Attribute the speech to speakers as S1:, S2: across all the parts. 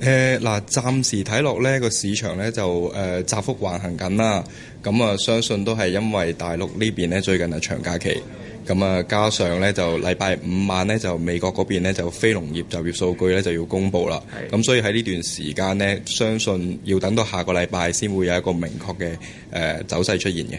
S1: 誒嗱，uh, 暫時睇落咧個市場咧就誒窄、呃、幅橫行緊啦。咁、嗯、啊，相信都係因為大陸呢邊咧最近係長假期，咁、嗯、啊加上咧就禮拜五晚咧就美國嗰邊咧就非農業就業數據咧就要公布啦。咁的、嗯、所以喺呢段時間咧，相信要等到下個禮拜先會有一個明確嘅誒、呃、走勢出現嘅。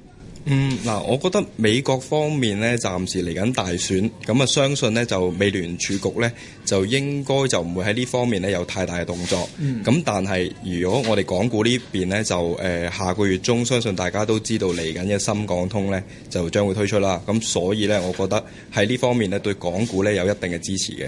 S2: 嗯，
S3: 嗱，我覺得
S1: 美國方面咧，暫時嚟緊大選，咁、嗯、啊，嗯、相信咧就美聯儲局咧，就應該就唔會喺呢方面咧有太大嘅動作。咁、嗯、但係，如果我哋港股邊呢邊咧，就誒、呃、下個月中，相信大家都知道嚟緊嘅深港通咧就將會推出啦。咁、嗯、所以咧，我覺得喺呢方面咧，對港股咧有一定嘅支持嘅。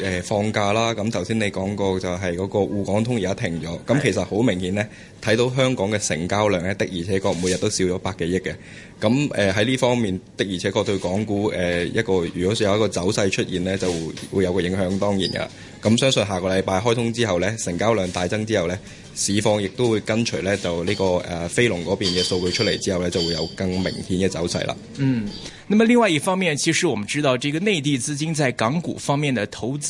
S1: 誒放假啦，咁頭先你講過就係嗰個滬港通而家停咗，咁其實好明顯呢，睇到香港嘅成交量呢，的而且確每日都少咗百幾億嘅。咁誒喺呢方面，的而且確對港股誒一個，如果係有一個走勢出現呢，就會有個影響，當然噶。咁相信下個禮拜開通之後呢，成交量大增之後呢，市況亦都會跟隨呢，就呢個誒飛龍嗰邊嘅數據出嚟之後呢，就會有更明顯嘅走勢啦。
S3: 嗯，那麼另外一方面，其實我們知道，這個內地資金在港股方面的投資。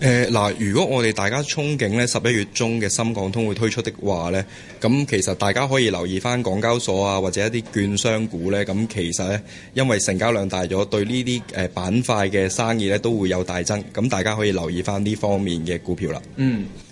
S3: 誒嗱、呃，如果我哋大家憧憬咧十一月中嘅深港
S1: 通會推出的話咧，咁其實大家可以留意翻港交所啊，或者一啲券商股咧，咁其實咧因為成交量大咗，對呢啲誒板塊嘅生意咧都會有大增，咁大家可以留意翻呢方面嘅股票啦。嗯。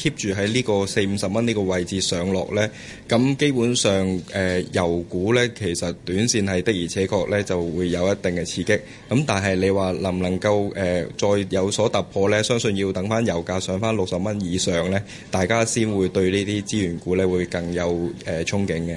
S1: keep 住喺呢個四五十蚊呢個位置上落呢，咁基本上誒、呃、油股呢其實短線係的而且確呢就會有一定嘅刺激。咁但係你話能唔能夠誒、呃、再有所突破呢？相信要等翻油價上翻六十蚊以上呢，大家先會對呢啲資源股呢會更有誒、呃、憧憬嘅。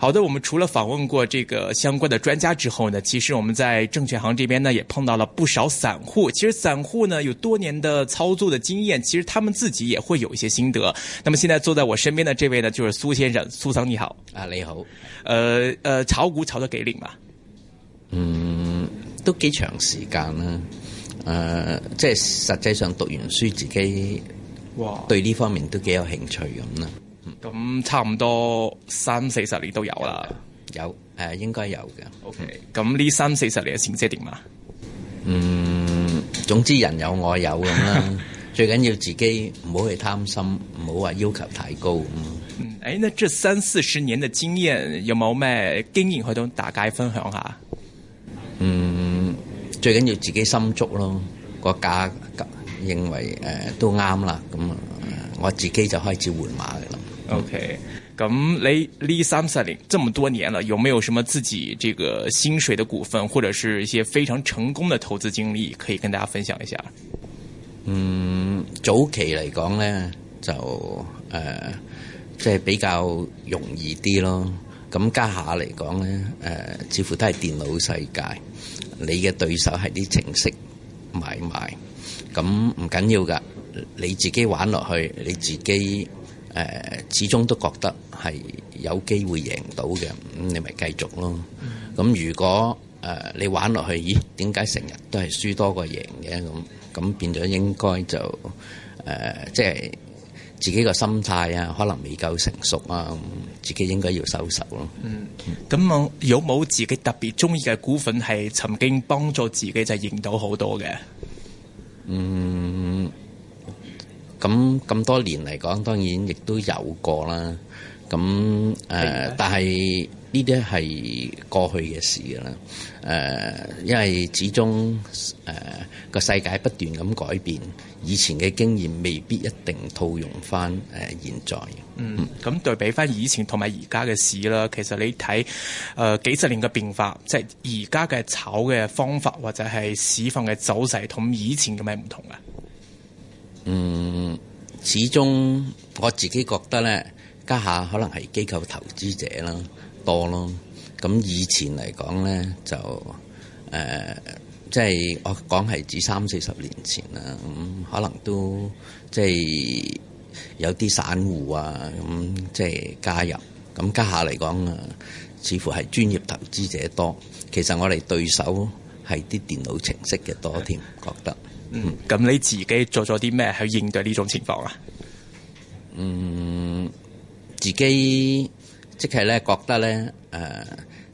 S3: 好的，我們除了訪問過這個相關的專家之後呢，其實我們在證券行這邊呢，也碰到了不少散戶。其實散戶呢，有多年的操作的經驗，其實他們自己也會有一些心得。那麼現在坐在我身邊的這位呢，就是蘇先生，蘇生你好。啊，你好。呃，呃，炒股炒咗幾年嘛？嗯，
S2: 都幾長時間啦、啊？誒、呃，即係實際上讀完書自己對呢方面都幾有興趣咁、啊哇
S3: 咁差唔多三四十年都有啦，
S2: 有誒、呃、應該有嘅。OK，咁呢三四十年嘅成績點啊？嗯，總之人有我有咁啦， 最緊要自己唔好去貪心，唔好話要求太高咁咯。誒、嗯嗯哎，那這三四十年的經驗有冇咩
S3: 經驗去到大家分享下？嗯，
S2: 最緊要自己心足咯，個價格認為誒、呃、都啱啦。咁、呃、我自己就開始換馬噶啦。OK，咁你呢三十年，30，這麼多年了，
S3: 有冇有什麼自己這個薪水嘅股份，或者是一些非常成功嘅投資經歷，可以跟大家分享一下？
S2: 嗯，早期嚟講呢，就誒，即、呃、係、就是、比較容易啲咯。咁家下嚟講呢，誒、呃，似乎都係電腦世界，你嘅對手係啲程式買賣，咁唔緊要噶，你自己玩落去，你自己。誒，始終都覺得係有機會贏到嘅、嗯，你咪繼續咯。咁、嗯、如果誒、呃、你玩落去，咦？點解成日都係輸多過贏嘅？咁咁變咗應該就誒，即係自己個心態啊，可能未夠成熟啊，自己應該要收手咯。嗯，
S3: 咁我有冇自己特別中意嘅股份係曾經幫助自己就贏到好多嘅？嗯。
S2: 咁咁多年嚟講，當然亦都有過啦。咁、嗯、誒、呃，但係呢啲係過去嘅事啦。誒、呃，因為始終誒個世界不斷咁改變，以前嘅經驗未必一定套用翻誒現在。嗯、咁、嗯、對比翻以前同埋而家嘅
S3: 市啦，其實你睇，誒、呃、幾十年嘅變化，即係而家嘅炒嘅方法或者係市況嘅
S2: 走勢同以前咁係唔同嘅。嗯，始終我自己覺得呢，家下可能係機構投資者啦多咯。咁以前嚟講呢，就誒、呃、即係我講係指三四十年前啦。咁可能都即係有啲散戶啊，咁即係加入。咁家下嚟講啊，似乎係專業投資者多。其實我哋對手係啲電腦程式嘅多添，覺得。嗯，咁你自己做咗啲咩去應對呢種情況啊？嗯，自己即係咧覺得咧誒、呃，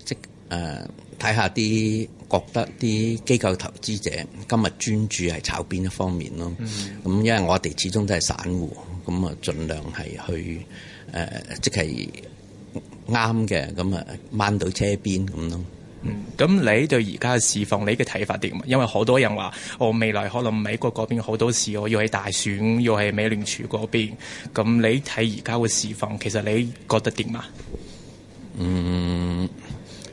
S2: 即誒睇下啲覺得啲機構投資者今日專注係炒邊一方面咯。咁、嗯、因為我哋始終都係散戶，咁啊盡量係去誒、呃，即係啱嘅，咁啊掹到車邊咁咯。嗯，咁你對而家嘅市況，你嘅睇法點啊？因為好多人話，
S3: 我、哦、未來可能美國嗰邊好多事，我要喺大選，要喺美聯儲嗰邊。咁你睇而家嘅市況，其實你覺得點啊？嗯，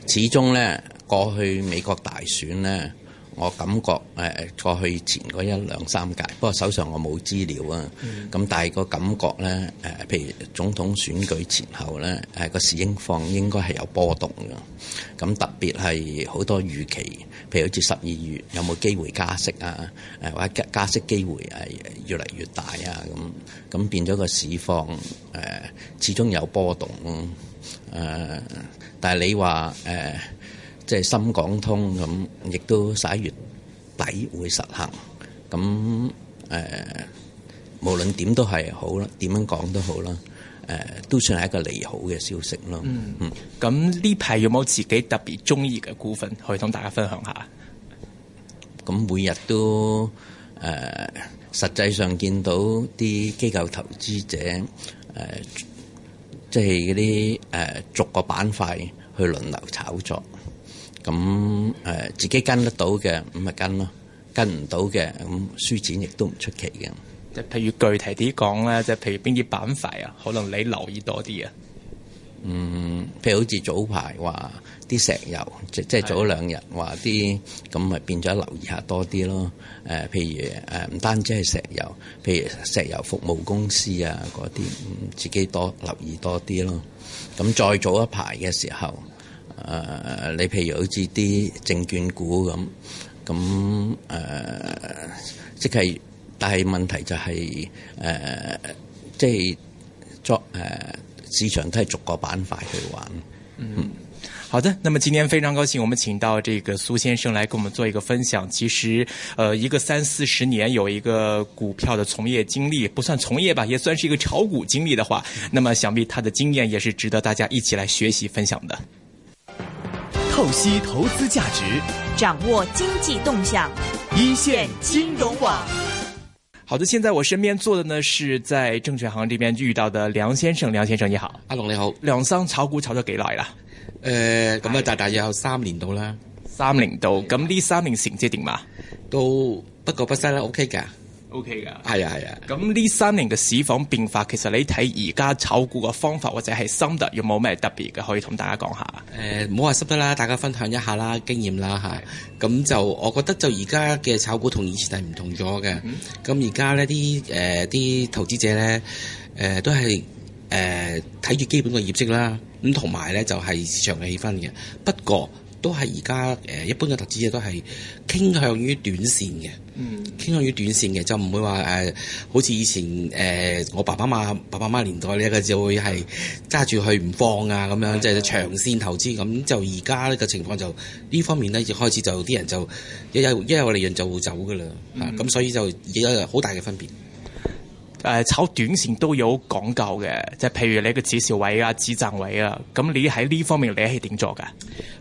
S2: 始終呢，過去美國大選呢。我感覺誒過去前嗰一兩三屆，不過手上我冇資料啊。咁但係個感覺咧，誒譬如總統選舉前後咧，誒個市況應該係有波動㗎。咁特別係好多預期，譬如好似十二月有冇機會加息啊，誒或者加息機會係越嚟越大啊。咁咁變咗個市況誒，始終有波動。誒，但係你話誒？即係深港通咁，亦都十一月底會實行。咁誒、呃，無論點都係好啦，點樣講都好啦，誒、呃、都算係一個利好嘅消息咯。嗯，咁呢排有冇自己特別中意嘅股份可以同大家分享下？咁每日都誒、呃，實際上見到啲機構投資者誒，即係嗰啲誒逐個板塊去輪流炒作。咁誒、嗯、自己跟得到嘅咁咪跟咯，跟唔到嘅咁輸錢亦都唔出奇嘅。
S3: 即係譬如具體啲講咧？即係譬如邊啲板塊啊？可能你留意多啲啊。嗯，
S2: 譬如好似早排話啲石油，即係早兩日話啲咁咪變咗留意下多啲咯。誒、呃，譬如誒唔、呃、單止係石油，譬如石油服務公司啊嗰啲、嗯，自己多留意多啲咯。咁再早一排嘅時候。誒、呃，你譬如好似啲證券股咁，咁誒、呃，即係但係問題就係、是、誒、呃，即係作誒、呃、市場都係逐個板塊去玩。嗯，嗯，
S3: 好的。那麼今天非常高興，我們請到這個蘇先生來跟我們做一個分享。其實，誒、呃、一個三四十年有一個股票的從業經歷，不算從業吧，也算是一個炒股經歷的話，那麼想必他的經驗也是值得大家一起來學習分享的。透析投資價值，掌握經濟動向，e 綫金融網。好的，現在我身邊坐的呢，是在證券行這邊遇到的梁先生。梁先生你好，阿龍你好。梁生炒股炒咗幾耐啦？誒、呃，咁啊，大大約有三年度啦。三年度，咁、嗯、呢三年成績點呀？都不過不失啦，OK 噶。OK 㗎，係啊係啊。咁呢、嗯、三年嘅市況變化，其實你睇而家炒股嘅方法或者係心得有冇咩特別嘅，可以同大家講下？
S4: 誒、呃，唔好話心得啦，大家分享一下啦，經驗啦嚇。咁是就我覺得就而家嘅炒股同以前係唔同咗嘅。咁而家呢啲誒啲投資者咧誒、呃、都係誒睇住基本嘅業績啦。咁同埋咧就係、是、市場嘅氣氛嘅。不過都係而家誒，一般嘅投資者都係傾向於短線嘅，嗯、傾向於短線嘅就唔會話誒、呃，好似以前誒、呃、我爸爸媽、爸爸媽年代咧，佢就會係揸住佢唔放啊咁樣，即係的長線投資。咁就而家呢個情況就呢方面咧，就開始就啲人就一有一有利潤就會走㗎啦。嚇、嗯，咁、啊、所以就而家好大嘅分別。誒、啊、炒短線都有
S3: 講究嘅，即係譬如你個止蝕位啊、止賺位啊，咁你喺呢方面你係點做嘅？
S4: 誒、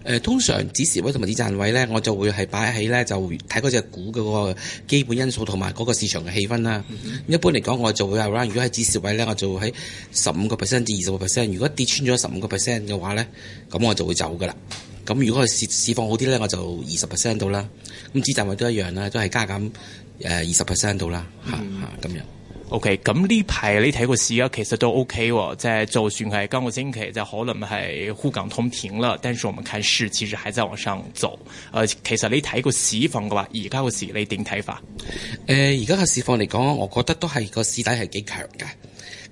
S4: 呃、通常止蝕位同埋止賺位咧，我就會係擺喺咧就睇嗰隻股嘅個基本因素同埋嗰個市場嘅氣氛啦。嗯嗯，一般嚟講，我就會話啦，如果喺止蝕位咧，我就喺十五個 percent 至二十個 percent。如果跌穿咗十五個 percent 嘅話咧，咁我就會走噶啦。咁如果係示釋放好啲咧，我就二十 percent 度啦。咁止賺位都一樣啦，都係加減誒二十 percent 度啦，嚇嚇咁樣。OK，咁呢排你睇個市
S3: 啊，其實都 OK 喎、哦，即係就算係今個星期就可能係滬港通停啦。但是我們看市，其實還在往上走。誒、呃，其實你睇個,個你、呃、市況嘅話，而家個市你點
S4: 睇法？誒，而家個市況嚟講，我覺得都係個市底係幾強嘅。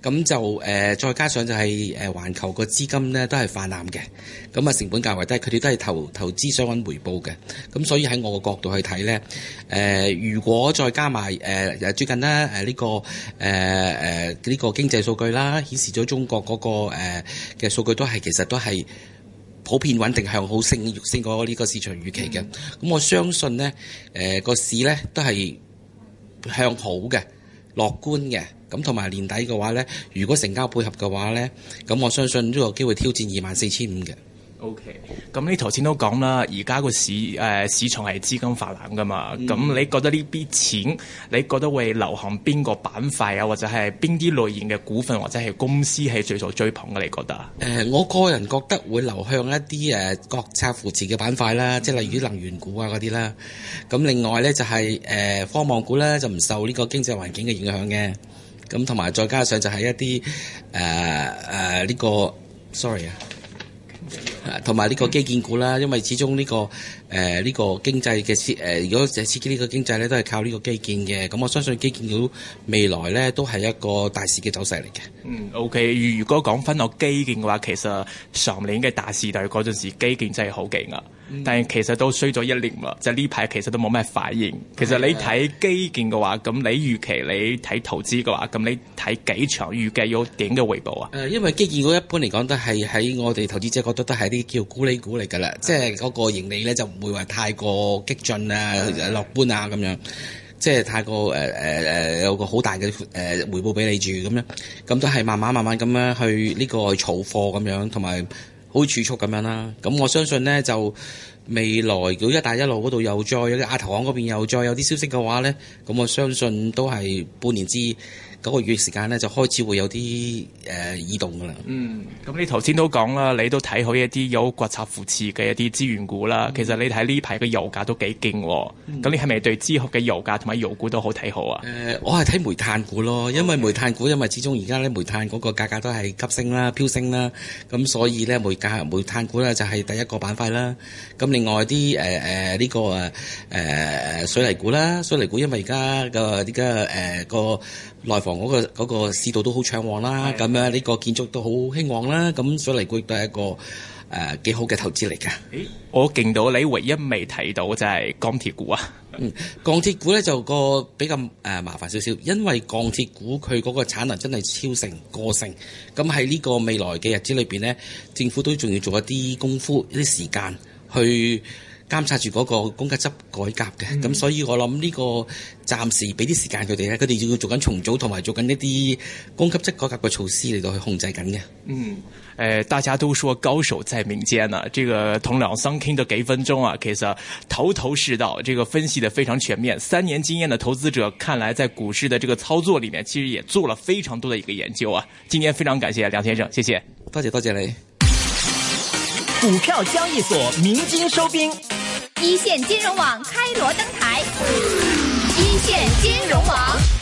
S4: 咁就誒、呃，再加上就係、是、誒，環、呃、球個資金咧都係泛濫嘅，咁、呃、啊成本較為低，佢哋都係投投資想揾回報嘅，咁、嗯、所以喺我個角度去睇咧，誒、呃、如果再加埋誒、呃、最近咧誒呢個誒誒呢個經濟數據啦，顯示咗中國嗰、那個嘅數、呃、據都係其實都係普遍穩定向好，升於先嗰呢個市場預期嘅，咁、嗯、我相信咧誒個市咧都係向好嘅，樂觀嘅。咁同埋年底嘅話呢，如果成交配合嘅話呢，咁我相信都有機會挑戰二萬四千五嘅。
S3: O K. 咁呢頭先都講啦，而家個市誒、呃、市場係資金泛濫噶嘛。咁、嗯、你覺得呢啲錢，你覺得會流向邊個板塊啊？或者係邊啲類型嘅股
S4: 份或者係公司係最受追捧嘅？你覺得誒、呃？我個人覺得會流向一啲誒國策扶持嘅板塊啦，即係、嗯、例如能源股啊嗰啲啦。咁、呃、另外呢，就係、是、誒、呃、科網股呢，就唔受呢個經濟環境嘅影響嘅。咁同埋再加上就係一啲誒誒呢個 sorry 啊，同埋呢個基建股啦，因為始終呢個。誒呢、呃這個經濟嘅誒，如果誒刺激呢個經濟咧，都係靠呢個基建嘅。咁我相信基建股未來咧都係一個大市嘅走勢嚟嘅。
S3: 嗯，OK。如果講翻我基建嘅話，其實上年嘅大市就係嗰陣時基建真係好勁啊。嗯、但係其實都衰咗一年啦。就呢、是、排其實都冇咩反應。其實你睇基建嘅話，咁、啊、你預期你睇投資嘅話，咁你睇幾長預計要點嘅回報啊？
S4: 誒、呃，因為基建股一般嚟講都係喺我哋投資者覺得都係啲叫咕喱股嚟㗎啦，即係嗰個盈利咧就。唔會話太過激進啊、樂觀啊咁、呃呃呃、樣，即係太過誒誒誒有個好大嘅誒回報俾你住咁樣，咁都係慢慢慢慢咁樣去呢、呢個去儲貨咁樣，同埋好儲蓄咁樣啦。咁我相信咧，就未來如果一帶一路嗰度又再有啲亞投行嗰邊又再有啲消息嘅話咧，咁我相信都係半年之九個月時間咧，就開始會有啲誒異動噶啦。嗯，咁你頭先都講啦，你都睇好一啲有國策扶
S3: 持嘅一啲資源股啦。嗯、其實你睇呢排嘅油價都幾勁喎。咁、嗯、你係咪對之後嘅
S4: 油價同埋油股都好睇好啊？誒、呃，我係睇煤炭股咯，因為煤炭股因為始終而家咧煤炭嗰個價格都係急升啦、飆升啦。咁所以咧煤價煤炭股咧就係第一個板塊啦。咁另外啲誒誒呢個啊誒、呃、水泥股啦，水泥股因為而家個而家誒個。內房嗰、那個那個市道都好暢旺啦，咁啊呢個建築都好興旺啦，咁所以嚟講亦都係一個誒幾、呃、好嘅投資嚟噶、欸。我見到你唯一未睇到就係鋼鐵股啊。 嗯，鋼鐵股咧就個比較誒、呃、麻煩少少，因為鋼鐵股佢嗰個產能真係超成過剩，咁喺呢個未來嘅日子裏邊咧，政府都仲要做一啲功夫、一啲時間去監察住嗰個供給側改革嘅，咁、嗯、所以我諗呢個暫時俾啲時間佢哋咧，佢哋要做緊重組同埋做緊一啲供給側改革嘅措施嚟到去控制緊嘅。嗯，誒、呃，大家都說高手在民間啊，這個
S3: 同梁生傾咗幾分鐘啊，其實、啊、頭頭是道，這個分析得非常全面。三年經驗的投資者，看來在股市的這個操作裡面，其實也做了非常多的一個研究啊。今天非常感謝梁先生，謝謝。多謝，多謝你。股票交易所鳴金收兵。e 線金融網開鑼登台
S2: ，e 線金融網。